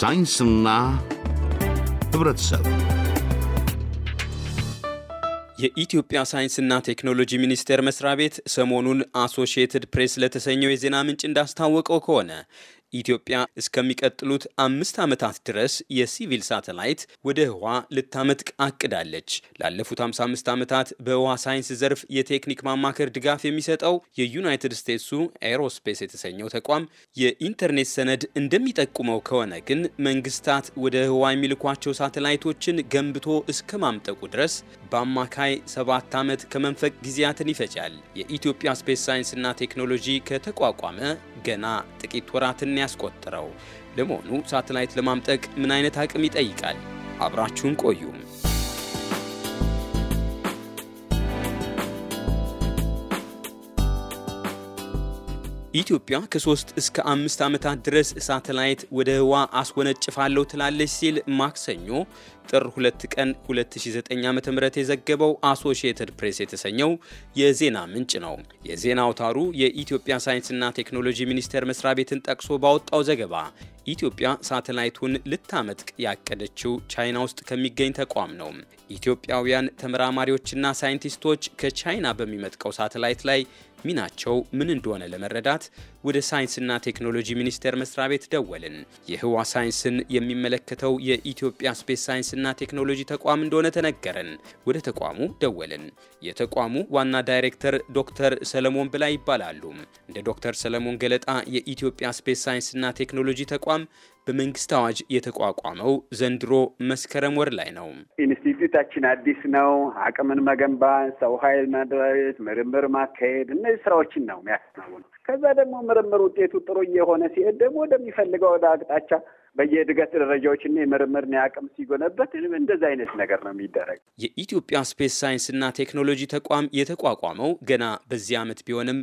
ሳይንስና ህብረተሰብ የኢትዮጵያ ሳይንስና ቴክኖሎጂ ሚኒስቴር መስሪያ ቤት ሰሞኑን አሶሺየትድ ፕሬስ ለተሰኘው የዜና ምንጭ እንዳስታወቀው ከሆነ ኢትዮጵያ እስከሚቀጥሉት አምስት ዓመታት ድረስ የሲቪል ሳተላይት ወደ ህዋ ልታመጥቅ አቅዳለች። ላለፉት 55 ዓመታት በህዋ ሳይንስ ዘርፍ የቴክኒክ ማማከር ድጋፍ የሚሰጠው የዩናይትድ ስቴትሱ ኤሮስፔስ የተሰኘው ተቋም የኢንተርኔት ሰነድ እንደሚጠቁመው ከሆነ ግን መንግስታት ወደ ህዋ የሚልኳቸው ሳተላይቶችን ገንብቶ እስከ ማምጠቁ ድረስ በአማካይ ሰባት ዓመት ከመንፈቅ ጊዜያትን ይፈጃል። የኢትዮጵያ ስፔስ ሳይንስና ቴክኖሎጂ ከተቋቋመ ገና ጥቂት ወራትን ያስቆጠረው። ለመሆኑ ሳተላይት ለማምጠቅ ምን አይነት አቅም ይጠይቃል? አብራችሁን ቆዩም። ኢትዮጵያ ከሶስት እስከ አምስት ዓመታት ድረስ ሳተላይት ወደ ህዋ አስወነጭፋለሁ ትላለች ሲል ማክሰኞ ጥር 2 ቀን 2009 ዓ ም የዘገበው አሶሺየትድ ፕሬስ የተሰኘው የዜና ምንጭ ነው። የዜና አውታሩ የኢትዮጵያ ሳይንስና ቴክኖሎጂ ሚኒስቴር መስሪያ ቤትን ጠቅሶ ባወጣው ዘገባ ኢትዮጵያ ሳተላይቱን ልታመጥቅ ያቀደችው ቻይና ውስጥ ከሚገኝ ተቋም ነው። ኢትዮጵያውያን ተመራማሪዎችና ሳይንቲስቶች ከቻይና በሚመጥቀው ሳተላይት ላይ ሚናቸው ምን እንደሆነ ለመረዳት ወደ ሳይንስና ቴክኖሎጂ ሚኒስቴር መስሪያ ቤት ደወልን። የህዋ ሳይንስን የሚመለከተው የኢትዮጵያ ስፔስ ሳይንስና ቴክኖሎጂ ተቋም እንደሆነ ተነገረን። ወደ ተቋሙ ደወልን። የተቋሙ ዋና ዳይሬክተር ዶክተር ሰለሞን ብላ ይባላሉ። እንደ ዶክተር ሰለሞን ገለጣ የኢትዮጵያ ስፔስ ሳይንስና ቴክኖሎጂ ተቋም በመንግስት አዋጅ የተቋቋመው ዘንድሮ መስከረም ወር ላይ ነው። ድርጅታችን አዲስ ነው። አቅምን መገንባት፣ ሰው ኃይል መድረት፣ ምርምር ማካሄድ እነዚህ ስራዎችን ነው የሚያከናውነው። ከዛ ደግሞ ምርምር ውጤቱ ጥሩ እየሆነ ሲሄድ ደግሞ ወደሚፈልገው ወደ አቅጣጫ በየእድገት ደረጃዎችና የምርምር አቅም ሲጎነበት እንደዚ አይነት ነገር ነው የሚደረግ። የኢትዮጵያ ስፔስ ሳይንስና ቴክኖሎጂ ተቋም የተቋቋመው ገና በዚህ ዓመት ቢሆንም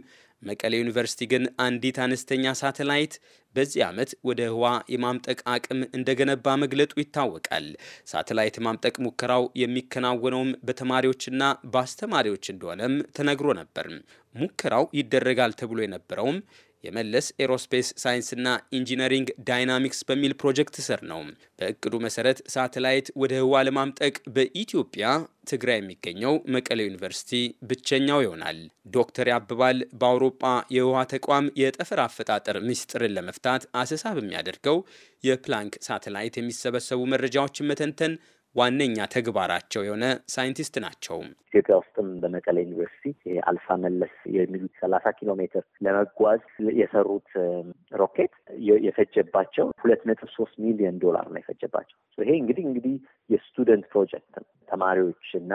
መቀሌ ዩኒቨርሲቲ ግን አንዲት አነስተኛ ሳተላይት በዚህ ዓመት ወደ ህዋ የማምጠቅ አቅም እንደገነባ መግለጡ ይታወቃል። ሳተላይት ማምጠቅ ሙከራው የሚከናወነውም በተማሪዎችና በአስተማሪዎች እንደሆነም ተነግሮ ነበር። ሙከራው ይደረጋል ተብሎ የነበረውም የመለስ ኤሮስፔስ ሳይንስና ኢንጂነሪንግ ዳይናሚክስ በሚል ፕሮጀክት ስር ነው። በእቅዱ መሰረት ሳተላይት ወደ ህዋ ለማምጠቅ በኢትዮጵያ ትግራይ የሚገኘው መቀሌ ዩኒቨርሲቲ ብቸኛው ይሆናል። ዶክተር ያብባል በአውሮጳ የህዋ ተቋም የጠፈር አፈጣጠር ምስጢርን ለመፍታት አሰሳ በሚያደርገው የፕላንክ ሳተላይት የሚሰበሰቡ መረጃዎችን መተንተን ዋነኛ ተግባራቸው የሆነ ሳይንቲስት ናቸው። ኢትዮጵያ ውስጥም በመቀሌ ዩኒቨርሲቲ አልፋ መለስ የሚሉት ሰላሳ ኪሎ ሜትር ለመጓዝ የሰሩት ሮኬት የፈጀባቸው ሁለት ነጥብ ሶስት ሚሊዮን ዶላር ነው የፈጀባቸው። ይሄ እንግዲህ እንግዲህ የስቱደንት ፕሮጀክት ነው። ተማሪዎች እና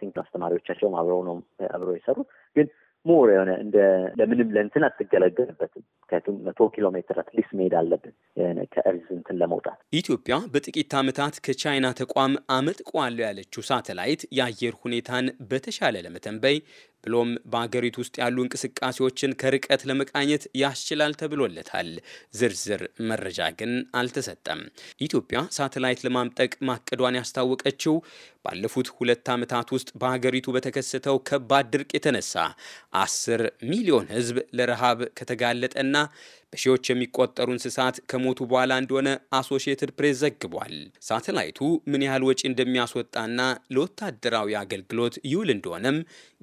ቲንክ አስተማሪዎቻቸውም አብረው ነው አብረው የሰሩት ግን ሙር የሆነ እንደ ለምንም ለእንትን አትገለገልበትም ምክንያቱም መቶ ኪሎ ሜትር አትሊስት መሄድ አለብን ከእርዝ እንትን ለመውጣት። ኢትዮጵያ በጥቂት ዓመታት ከቻይና ተቋም አመጥቋለሁ ያለችው ሳተላይት የአየር ሁኔታን በተሻለ ለመተንበይ ብሎም በአገሪቱ ውስጥ ያሉ እንቅስቃሴዎችን ከርቀት ለመቃኘት ያስችላል ተብሎለታል። ዝርዝር መረጃ ግን አልተሰጠም። ኢትዮጵያ ሳተላይት ለማምጠቅ ማቀዷን ያስታወቀችው ባለፉት ሁለት ዓመታት ውስጥ በሀገሪቱ በተከሰተው ከባድ ድርቅ የተነሳ አስር ሚሊዮን ሕዝብ ለረሃብ ከተጋለጠና በሺዎች የሚቆጠሩ እንስሳት ከሞቱ በኋላ እንደሆነ አሶሺየትድ ፕሬስ ዘግቧል። ሳተላይቱ ምን ያህል ወጪ እንደሚያስወጣና ለወታደራዊ አገልግሎት ይውል እንደሆነም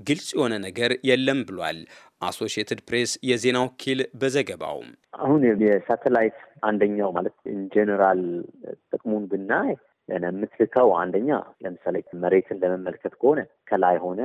ግልጽ የሆነ ነገር የለም ብሏል። አሶሺየትድ ፕሬስ የዜና ወኪል በዘገባው አሁን የሳተላይት አንደኛው ማለት ኢንጀነራል ጥቅሙን ብናይ የምትልከው አንደኛ ለምሳሌ መሬትን ለመመልከት ከሆነ ከላይ ሆነ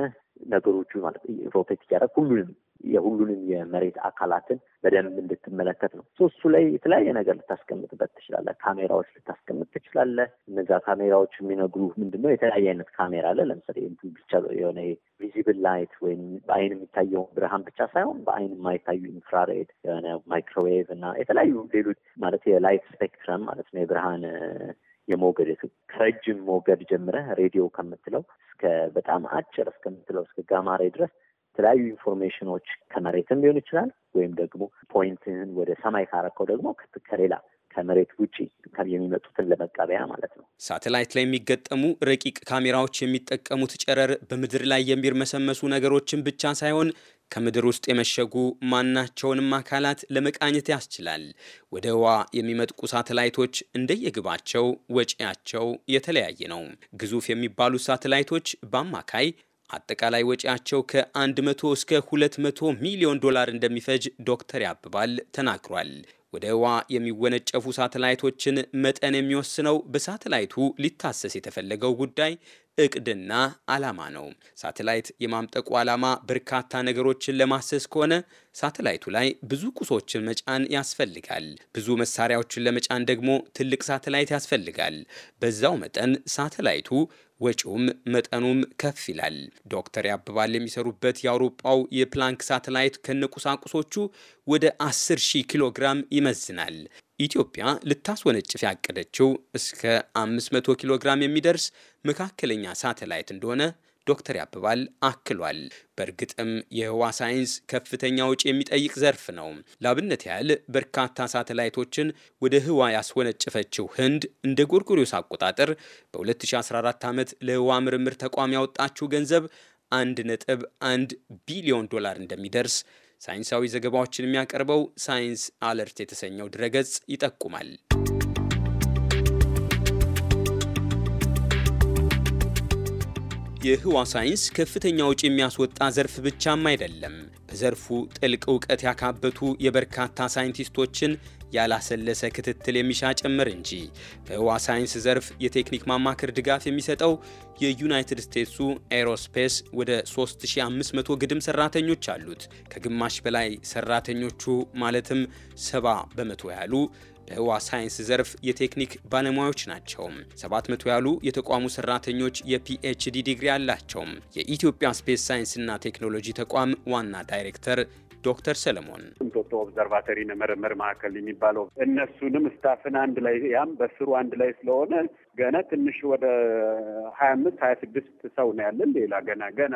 ነገሮቹ ማለት ሮቴት እያደረግ ሁሉንም የሁሉንም የመሬት አካላትን በደንብ እንድትመለከት ነው። እሱ ላይ የተለያየ ነገር ልታስቀምጥበት ትችላለህ። ካሜራዎች ልታስቀምጥ ትችላለህ። እነዛ ካሜራዎች የሚነግሩ ምንድነው የተለያየ አይነት ካሜራ አለ። ለምሳሌ ብቻ የሆነ ቪዚብል ላይት ወይም በአይን የሚታየውን ብርሃን ብቻ ሳይሆን በአይን የማይታዩ ኢንፍራሬድ፣ የሆነ ማይክሮዌቭ እና የተለያዩ ሌሎች ማለት የላይት ስፔክትረም ማለት ነው የብርሃን የሞገድ ከረጅም ሞገድ ጀምረ ሬዲዮ ከምትለው እስከ በጣም አጭር እስከምትለው እስከ ጋማሬ ድረስ የተለያዩ ኢንፎርሜሽኖች ከመሬትም ሊሆን ይችላል ወይም ደግሞ ፖይንትህን ወደ ሰማይ ካረከው ደግሞ ከሌላ ከመሬት ውጪ የሚመጡትን ለመቀበያ ማለት ነው። ሳተላይት ላይ የሚገጠሙ ረቂቅ ካሜራዎች የሚጠቀሙት ጨረር በምድር ላይ የሚርመሰመሱ ነገሮችን ብቻ ሳይሆን ከምድር ውስጥ የመሸጉ ማናቸውንም አካላት ለመቃኘት ያስችላል። ወደ ህዋ የሚመጥቁ ሳተላይቶች እንደየግባቸው ወጪያቸው የተለያየ ነው። ግዙፍ የሚባሉ ሳተላይቶች በአማካይ አጠቃላይ ወጪያቸው ከ100 እስከ 200 ሚሊዮን ዶላር እንደሚፈጅ ዶክተር ያብባል ተናግሯል። ወደ ህዋ የሚወነጨፉ ሳተላይቶችን መጠን የሚወስነው በሳተላይቱ ሊታሰስ የተፈለገው ጉዳይ እቅድና ዓላማ ነው። ሳተላይት የማምጠቁ ዓላማ በርካታ ነገሮችን ለማሰስ ከሆነ ሳተላይቱ ላይ ብዙ ቁሶችን መጫን ያስፈልጋል። ብዙ መሳሪያዎችን ለመጫን ደግሞ ትልቅ ሳተላይት ያስፈልጋል። በዛው መጠን ሳተላይቱ ወጪውም መጠኑም ከፍ ይላል። ዶክተር ያብባል የሚሰሩበት የአውሮፓው የፕላንክ ሳተላይት ከነቁሳቁሶቹ ወደ 10 ሺህ ኪሎ ግራም ይመዝናል። ኢትዮጵያ ልታስወነጭፍ ያቀደችው እስከ 500 ኪሎ ግራም የሚደርስ መካከለኛ ሳተላይት እንደሆነ ዶክተር ያብባል አክሏል። በእርግጥም የህዋ ሳይንስ ከፍተኛ ውጪ የሚጠይቅ ዘርፍ ነው። ላብነት ያህል በርካታ ሳተላይቶችን ወደ ህዋ ያስወነጨፈችው ህንድ እንደ ጎርጎሪዮስ አቆጣጠር በ2014 ዓመት ለህዋ ምርምር ተቋም ያወጣችው ገንዘብ 1.1 ቢሊዮን ዶላር እንደሚደርስ ሳይንሳዊ ዘገባዎችን የሚያቀርበው ሳይንስ አለርት የተሰኘው ድረገጽ ይጠቁማል። የህዋ ሳይንስ ከፍተኛ ውጪ የሚያስወጣ ዘርፍ ብቻም አይደለም። በዘርፉ ጥልቅ እውቀት ያካበቱ የበርካታ ሳይንቲስቶችን ያላሰለሰ ክትትል የሚሻ ጭምር እንጂ በህዋ ሳይንስ ዘርፍ የቴክኒክ ማማከር ድጋፍ የሚሰጠው የዩናይትድ ስቴትሱ ኤሮስፔስ ወደ 3500 ግድም ሰራተኞች አሉት። ከግማሽ በላይ ሰራተኞቹ ማለትም ሰባ በመቶ ያሉ በህዋ ሳይንስ ዘርፍ የቴክኒክ ባለሙያዎች ናቸው። 700 ያሉ የተቋሙ ሰራተኞች የፒኤችዲ ዲግሪ አላቸው። የኢትዮጵያ ስፔስ ሳይንስና ቴክኖሎጂ ተቋም ዋና ዳይሬክተር ዶክተር ሰለሞን እንጦጦ ኦብዘርቫተሪ ምርምር ማዕከል የሚባለው እነሱንም ስታፍን አንድ ላይ ያም በስሩ አንድ ላይ ስለሆነ ገና ትንሽ ወደ ሀያ አምስት ሀያ ስድስት ሰው ነው ያለን። ሌላ ገና ገና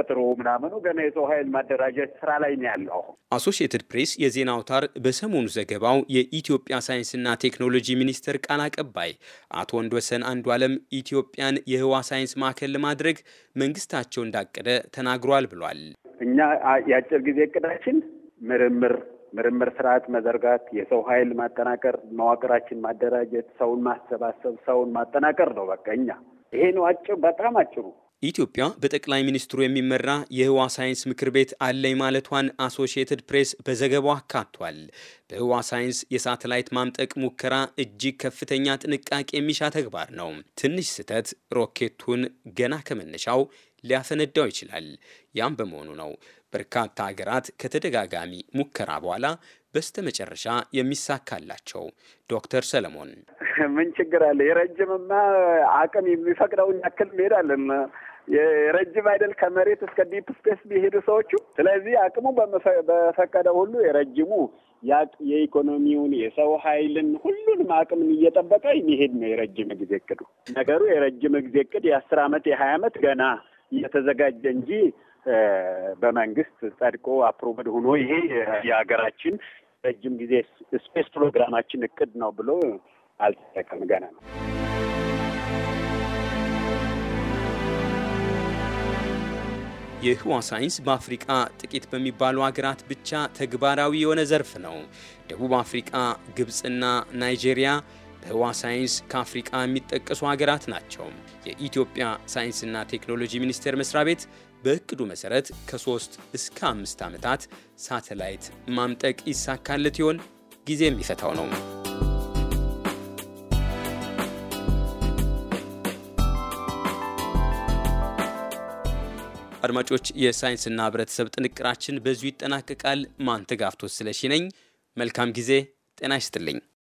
ቅጥሩ ምናምኑ ገና የሰው ኃይል ማደራጀት ስራ ላይ ነው ያለው። አሶሺየትድ ፕሬስ የዜና አውታር በሰሞኑ ዘገባው የኢትዮጵያ ሳይንስና ቴክኖሎጂ ሚኒስቴር ቃል አቀባይ አቶ ወንድወሰን አንዱ አለም ኢትዮጵያን የህዋ ሳይንስ ማዕከል ለማድረግ መንግስታቸው እንዳቀደ ተናግሯል ብሏል። እኛ የአጭር ጊዜ እቅዳችን ምርምር ምርምር ስርዓት መዘርጋት፣ የሰው ኃይል ማጠናቀር መዋቅራችን ማደራጀት፣ ሰውን ማሰባሰብ፣ ሰውን ማጠናቀር ነው። በቃ እኛ ይሄ ነው አጭር በጣም አጭሩ ኢትዮጵያ በጠቅላይ ሚኒስትሩ የሚመራ የህዋ ሳይንስ ምክር ቤት አለኝ ማለቷን አሶሽየትድ ፕሬስ በዘገባው አካቷል። በህዋ ሳይንስ የሳተላይት ማምጠቅ ሙከራ እጅግ ከፍተኛ ጥንቃቄ የሚሻ ተግባር ነው። ትንሽ ስህተት ሮኬቱን ገና ከመነሻው ሊያፈነዳው ይችላል። ያም በመሆኑ ነው በርካታ ሀገራት ከተደጋጋሚ ሙከራ በኋላ በስተመጨረሻ የሚሳካላቸው። ዶክተር ሰለሞን ምን ችግር አለ? የረጅምማ አቅም የሚፈቅደውን ያክል እንሄዳለን። የረጅም አይደል ከመሬት እስከ ዲፕ ስፔስ ቢሄዱ ሰዎቹ። ስለዚህ አቅሙ በፈቀደ ሁሉ የረጅሙ የኢኮኖሚውን የሰው ኃይልን ሁሉንም አቅምን እየጠበቀ የሚሄድ ነው የረጅም ጊዜ እቅዱ። ነገሩ የረጅም ጊዜ እቅድ የአስር አመት የሀያ አመት ገና እየተዘጋጀ እንጂ በመንግስት ጸድቆ አፕሮቨድ ሆኖ ይሄ የሀገራችን ረጅም ጊዜ ስፔስ ፕሮግራማችን እቅድ ነው ብሎ አልተጠቀም ገና ነው። የህዋ ሳይንስ በአፍሪቃ ጥቂት በሚባሉ ሀገራት ብቻ ተግባራዊ የሆነ ዘርፍ ነው። ደቡብ አፍሪቃ፣ ግብፅና ናይጄሪያ በህዋ ሳይንስ ከአፍሪቃ የሚጠቀሱ ሀገራት ናቸው። የኢትዮጵያ ሳይንስና ቴክኖሎጂ ሚኒስቴር መስሪያ ቤት በእቅዱ መሰረት ከሶስት እስከ አምስት ዓመታት ሳተላይት ማምጠቅ ይሳካለት ይሆን? ጊዜ የሚፈታው ነው። አድማጮች፣ የሳይንስና ህብረተሰብ ጥንቅራችን በዚሁ ይጠናቀቃል። ማን ስለሺ ነኝ። መልካም ጊዜ። ጤና ይስጥልኝ።